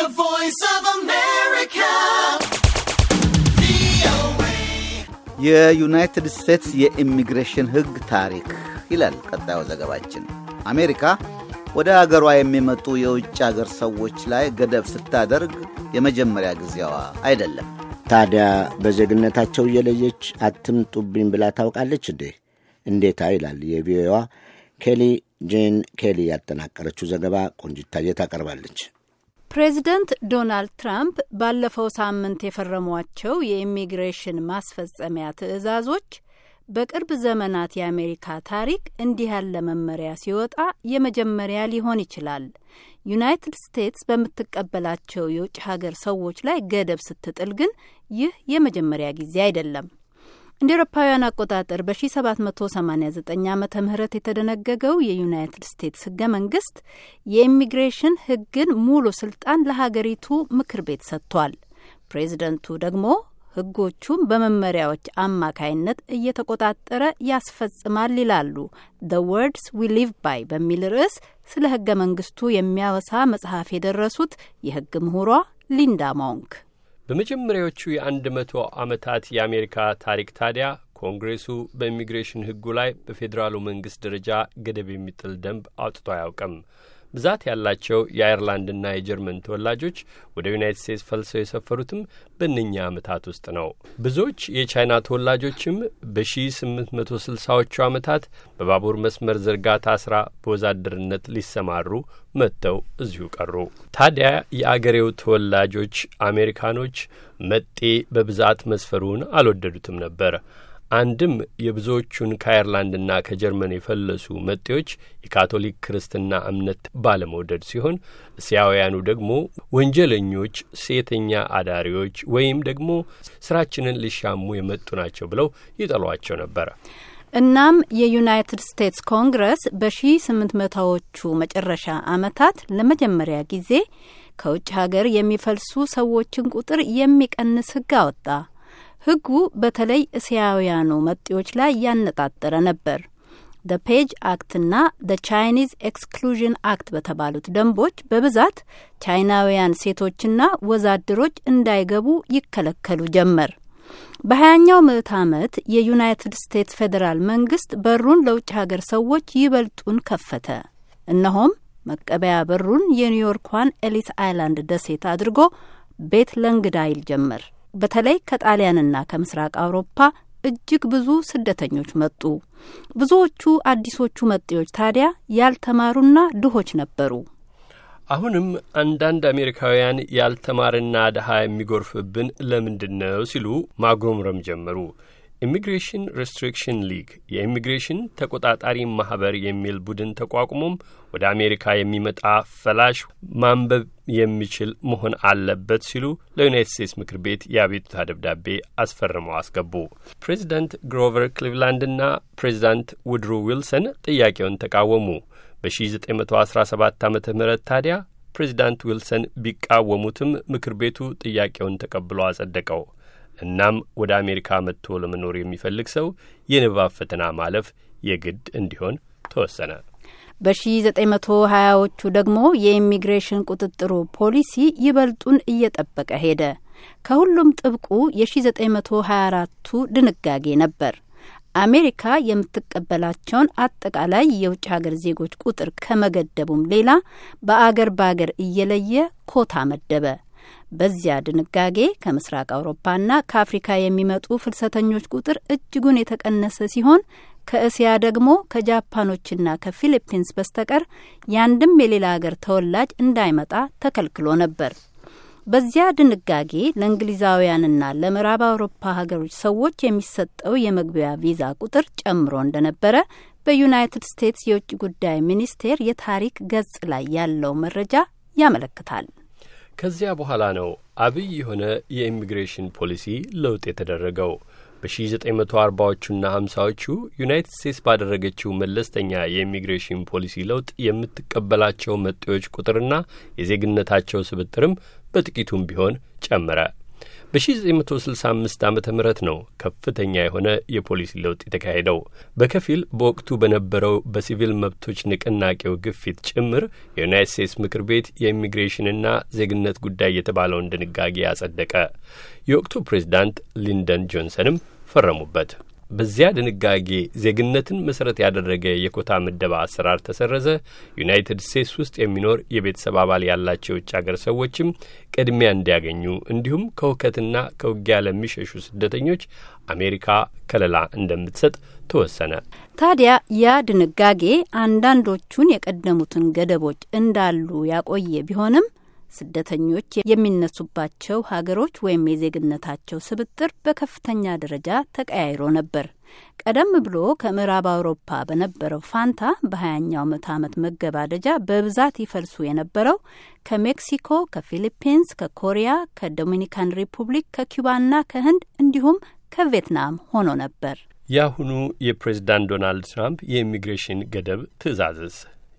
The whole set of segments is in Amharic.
The Voice of America. የዩናይትድ ስቴትስ የኢሚግሬሽን ሕግ ታሪክ ይላል ቀጣዩ ዘገባችን። አሜሪካ ወደ አገሯ የሚመጡ የውጭ አገር ሰዎች ላይ ገደብ ስታደርግ የመጀመሪያ ጊዜዋ አይደለም። ታዲያ በዜግነታቸው እየለየች አትምጡብኝ ብላ ታውቃለች እንዴ? እንዴታ ይላል የቪኦኤዋ ኬሊ ጄን ኬሊ ያጠናቀረችው ዘገባ ቆንጅታዬ ታቀርባለች። ፕሬዚደንት ዶናልድ ትራምፕ ባለፈው ሳምንት የፈረሟቸው የኢሚግሬሽን ማስፈጸሚያ ትዕዛዞች በቅርብ ዘመናት የአሜሪካ ታሪክ እንዲህ ያለ መመሪያ ሲወጣ የመጀመሪያ ሊሆን ይችላል። ዩናይትድ ስቴትስ በምትቀበላቸው የውጭ ሀገር ሰዎች ላይ ገደብ ስትጥል ግን ይህ የመጀመሪያ ጊዜ አይደለም። እንደ ኤሮፓውያን አቆጣጠር በ1789 ዓ ም የተደነገገው የዩናይትድ ስቴትስ ህገ መንግስት የኢሚግሬሽን ህግን ሙሉ ስልጣን ለሀገሪቱ ምክር ቤት ሰጥቷል። ፕሬዚደንቱ ደግሞ ህጎቹን በመመሪያዎች አማካይነት እየተቆጣጠረ ያስፈጽማል ይላሉ ዘ ወርድስ ዊ ሊቭ ባይ በሚል ርዕስ ስለ ህገ መንግስቱ የሚያወሳ መጽሐፍ የደረሱት የህግ ምሁሯ ሊንዳ ሞንክ በመጀመሪያዎቹ የአንድ መቶ ዓመታት የአሜሪካ ታሪክ ታዲያ ኮንግሬሱ በኢሚግሬሽን ሕጉ ላይ በፌዴራሉ መንግሥት ደረጃ ገደብ የሚጥል ደንብ አውጥቶ አያውቅም። ብዛት ያላቸው የአይርላንድና የጀርመን ተወላጆች ወደ ዩናይትድ ስቴትስ ፈልሰው የሰፈሩትም በእነኛ ዓመታት ውስጥ ነው። ብዙዎች የቻይና ተወላጆችም በ1860ዎቹ ዓመታት በባቡር መስመር ዝርጋታ ስራ በወዛደርነት ሊሰማሩ መጥተው እዚሁ ቀሩ። ታዲያ የአገሬው ተወላጆች አሜሪካኖች መጤ በብዛት መስፈሩን አልወደዱትም ነበር። አንድም የብዙዎቹን ከአየርላንድና ከጀርመን የፈለሱ መጤዎች የካቶሊክ ክርስትና እምነት ባለመውደድ ሲሆን እስያውያኑ ደግሞ ወንጀለኞች፣ ሴተኛ አዳሪዎች ወይም ደግሞ ስራችንን ሊሻሙ የመጡ ናቸው ብለው ይጠሏቸው ነበረ። እናም የዩናይትድ ስቴትስ ኮንግረስ በሺ ስምንት ዎቹ መጨረሻ አመታት ለመጀመሪያ ጊዜ ከውጭ ሀገር የሚፈልሱ ሰዎችን ቁጥር የሚቀንስ ህግ አወጣ። ህጉ በተለይ እስያውያኑ መጤዎች ላይ ያነጣጠረ ነበር። ደ ፔጅ አክትና ደ ቻይኒዝ ኤክስክሉዥን አክት በተባሉት ደንቦች በብዛት ቻይናውያን ሴቶችና ወዛድሮች እንዳይገቡ ይከለከሉ ጀመር። በሀያኛው ምዕት ዓመት የዩናይትድ ስቴትስ ፌዴራል መንግስት በሩን ለውጭ ሀገር ሰዎች ይበልጡን ከፈተ። እነሆም መቀበያ በሩን የኒውዮርኳን ኤሊስ አይላንድ ደሴት አድርጎ ቤት ለእንግዳ ይል ጀመር። በተለይ ከጣሊያንና ከምስራቅ አውሮፓ እጅግ ብዙ ስደተኞች መጡ። ብዙዎቹ አዲሶቹ መጤዎች ታዲያ ያልተማሩና ድሆች ነበሩ። አሁንም አንዳንድ አሜሪካውያን ያልተማርና ድሃ የሚጎርፍብን ለምንድን ነው ሲሉ ማጉረምረም ጀመሩ። ኢሚግሬሽን ሬስትሪክሽን ሊግ የኢሚግሬሽን ተቆጣጣሪ ማህበር የሚል ቡድን ተቋቁሞም ወደ አሜሪካ የሚመጣ ፈላሽ ማንበብ የሚችል መሆን አለበት ሲሉ ለዩናይትድ ስቴትስ ምክር ቤት የአቤቱታ ደብዳቤ አስፈርመው አስገቡ። ፕሬዚዳንት ግሮቨር ክሊቭላንድና ፕሬዚዳንት ውድሮ ዊልሰን ጥያቄውን ተቃወሙ። በ1917 ዓ ም ታዲያ ፕሬዚዳንት ዊልሰን ቢቃወሙትም ምክር ቤቱ ጥያቄውን ተቀብሎ አጸደቀው። እናም ወደ አሜሪካ መጥቶ ለመኖር የሚፈልግ ሰው የንባብ ፈተና ማለፍ የግድ እንዲሆን ተወሰነ። በ1920ዎቹ ደግሞ የኢሚግሬሽን ቁጥጥሩ ፖሊሲ ይበልጡን እየጠበቀ ሄደ። ከሁሉም ጥብቁ የ1924ቱ ድንጋጌ ነበር። አሜሪካ የምትቀበላቸውን አጠቃላይ የውጭ ሀገር ዜጎች ቁጥር ከመገደቡም ሌላ በአገር በአገር እየለየ ኮታ መደበ። በዚያ ድንጋጌ ከምስራቅ አውሮፓና ከአፍሪካ የሚመጡ ፍልሰተኞች ቁጥር እጅጉን የተቀነሰ ሲሆን ከእስያ ደግሞ ከጃፓኖችና ከፊሊፒንስ በስተቀር ያንድም የሌላ ሀገር ተወላጅ እንዳይመጣ ተከልክሎ ነበር። በዚያ ድንጋጌ ለእንግሊዛውያንና ለምዕራብ አውሮፓ ሀገሮች ሰዎች የሚሰጠው የመግቢያ ቪዛ ቁጥር ጨምሮ እንደነበረ በዩናይትድ ስቴትስ የውጭ ጉዳይ ሚኒስቴር የታሪክ ገጽ ላይ ያለው መረጃ ያመለክታል። ከዚያ በኋላ ነው አብይ የሆነ የኢሚግሬሽን ፖሊሲ ለውጥ የተደረገው። በ1940ዎቹና 50ዎቹ ዩናይትድ ስቴትስ ባደረገችው መለስተኛ የኢሚግሬሽን ፖሊሲ ለውጥ የምትቀበላቸው መጤዎች ቁጥርና የዜግነታቸው ስብጥርም በጥቂቱም ቢሆን ጨመረ። በ1965 ዓ ም ነው ከፍተኛ የሆነ የፖሊሲ ለውጥ የተካሄደው። በከፊል በወቅቱ በነበረው በሲቪል መብቶች ንቅናቄው ግፊት ጭምር የዩናይት ስቴትስ ምክር ቤት የኢሚግሬሽንና ዜግነት ጉዳይ የተባለውን ድንጋጌ አጸደቀ። የወቅቱ ፕሬዚዳንት ሊንደን ጆንሰንም ፈረሙበት። በዚያ ድንጋጌ ዜግነትን መሰረት ያደረገ የኮታ ምደባ አሰራር ተሰረዘ። ዩናይትድ ስቴትስ ውስጥ የሚኖር የቤተሰብ አባል ያላቸው የውጭ አገር ሰዎችም ቅድሚያ እንዲያገኙ እንዲሁም ከሁከትና ከውጊያ ለሚሸሹ ስደተኞች አሜሪካ ከለላ እንደምትሰጥ ተወሰነ። ታዲያ ያ ድንጋጌ አንዳንዶቹን የቀደሙትን ገደቦች እንዳሉ ያቆየ ቢሆንም ስደተኞች የሚነሱባቸው ሀገሮች ወይም የዜግነታቸው ስብጥር በከፍተኛ ደረጃ ተቀያይሮ ነበር። ቀደም ብሎ ከምዕራብ አውሮፓ በነበረው ፋንታ በሀያኛው ምዕተ ዓመት መገባደጃ በብዛት ይፈልሱ የነበረው ከሜክሲኮ፣ ከፊሊፒንስ፣ ከኮሪያ፣ ከዶሚኒካን ሪፑብሊክ፣ ከኪውባና ከህንድ እንዲሁም ከቪየትናም ሆኖ ነበር። የአሁኑ የፕሬዝዳንት ዶናልድ ትራምፕ የኢሚግሬሽን ገደብ ትእዛዝስ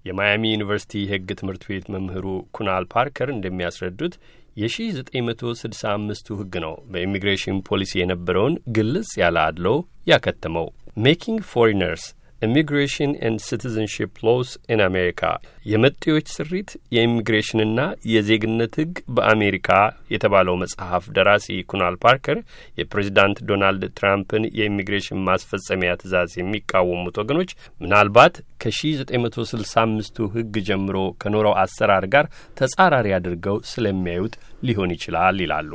የማያሚ ዩኒቨርሲቲ የህግ ትምህርት ቤት መምህሩ ኩናል ፓርከር እንደሚያስረዱት የ1965ቱ ህግ ነው በኢሚግሬሽን ፖሊሲ የነበረውን ግልጽ ያለ አድሎ ያከተመው። ሜኪንግ ፎሪነርስ ኢሚግሬሽን ኤንድ ሲቲዝንሽፕ ሎስ ኢን አሜሪካ የመጤዎች ስሪት የኢሚግሬሽንና የዜግነት ሕግ በአሜሪካ የተባለው መጽሐፍ ደራሲ ኩናል ፓርከር የፕሬዚዳንት ዶናልድ ትራምፕን የኢሚግሬሽን ማስፈጸሚያ ትዕዛዝ የሚቃወሙት ወገኖች ምናልባት ከ1965ቱ ሕግ ጀምሮ ከኖረው አሰራር ጋር ተጻራሪ አድርገው ስለሚያዩት ሊሆን ይችላል ይላሉ።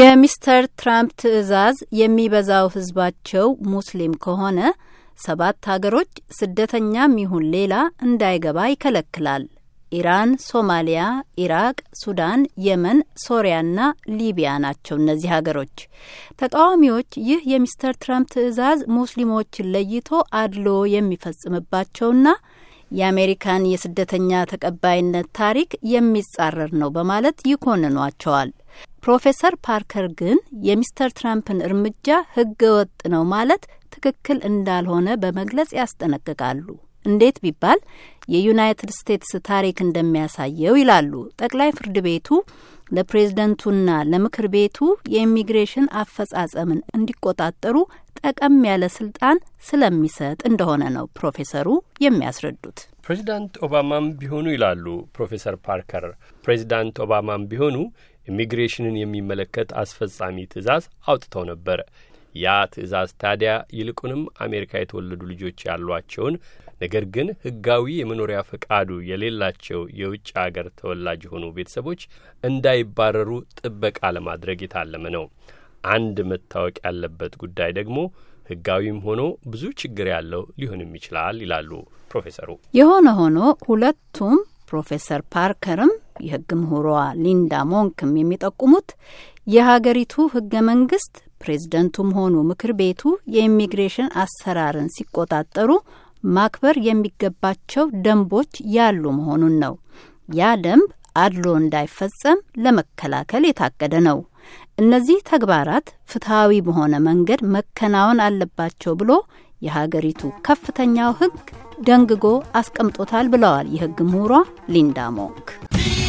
የሚስተር ትራምፕ ትዕዛዝ የሚበዛው ህዝባቸው ሙስሊም ከሆነ ሰባት ሀገሮች ስደተኛም ይሁን ሌላ እንዳይገባ ይከለክላል። ኢራን፣ ሶማሊያ፣ ኢራቅ፣ ሱዳን፣ የመን፣ ሶሪያና ሊቢያ ናቸው እነዚህ ሀገሮች። ተቃዋሚዎች ይህ የሚስተር ትራምፕ ትዕዛዝ ሙስሊሞችን ለይቶ አድሎ የሚፈጽምባቸውና የአሜሪካን የስደተኛ ተቀባይነት ታሪክ የሚጻረር ነው በማለት ይኮንኗቸዋል። ፕሮፌሰር ፓርከር ግን የሚስተር ትራምፕን እርምጃ ህገ ወጥ ነው ማለት ትክክል እንዳልሆነ በመግለጽ ያስጠነቅቃሉ። እንዴት ቢባል የዩናይትድ ስቴትስ ታሪክ እንደሚያሳየው ይላሉ። ጠቅላይ ፍርድ ቤቱ ለፕሬዝደንቱና ለምክር ቤቱ የኢሚግሬሽን አፈጻጸምን እንዲቆጣጠሩ ጠቀም ያለ ስልጣን ስለሚሰጥ እንደሆነ ነው ፕሮፌሰሩ የሚያስረዱት። ፕሬዚዳንት ኦባማም ቢሆኑ ይላሉ ፕሮፌሰር ፓርከር፣ ፕሬዚዳንት ኦባማም ቢሆኑ ኢሚግሬሽንን የሚመለከት አስፈጻሚ ትዕዛዝ አውጥተው ነበር። ያ ትዕዛዝ ታዲያ ይልቁንም አሜሪካ የተወለዱ ልጆች ያሏቸውን ነገር ግን ሕጋዊ የመኖሪያ ፈቃዱ የሌላቸው የውጭ አገር ተወላጅ የሆኑ ቤተሰቦች እንዳይባረሩ ጥበቃ ለማድረግ የታለመ ነው። አንድ መታወቅ ያለበት ጉዳይ ደግሞ ሕጋዊም ሆኖ ብዙ ችግር ያለው ሊሆንም ይችላል ይላሉ ፕሮፌሰሩ። የሆነ ሆኖ ሁለቱም ፕሮፌሰር ፓርከርም የህግ ምሁሯ ሊንዳ ሞንክም የሚጠቁሙት የሀገሪቱ ህገ መንግስት ፕሬዝደንቱም ሆኑ ምክር ቤቱ የኢሚግሬሽን አሰራርን ሲቆጣጠሩ ማክበር የሚገባቸው ደንቦች ያሉ መሆኑን ነው። ያ ደንብ አድሎ እንዳይፈጸም ለመከላከል የታቀደ ነው። እነዚህ ተግባራት ፍትሐዊ በሆነ መንገድ መከናወን አለባቸው ብሎ የሀገሪቱ ከፍተኛው ሕግ ደንግጎ አስቀምጦታል ብለዋል የሕግ ምሁሯ ሊንዳ ሞንክ።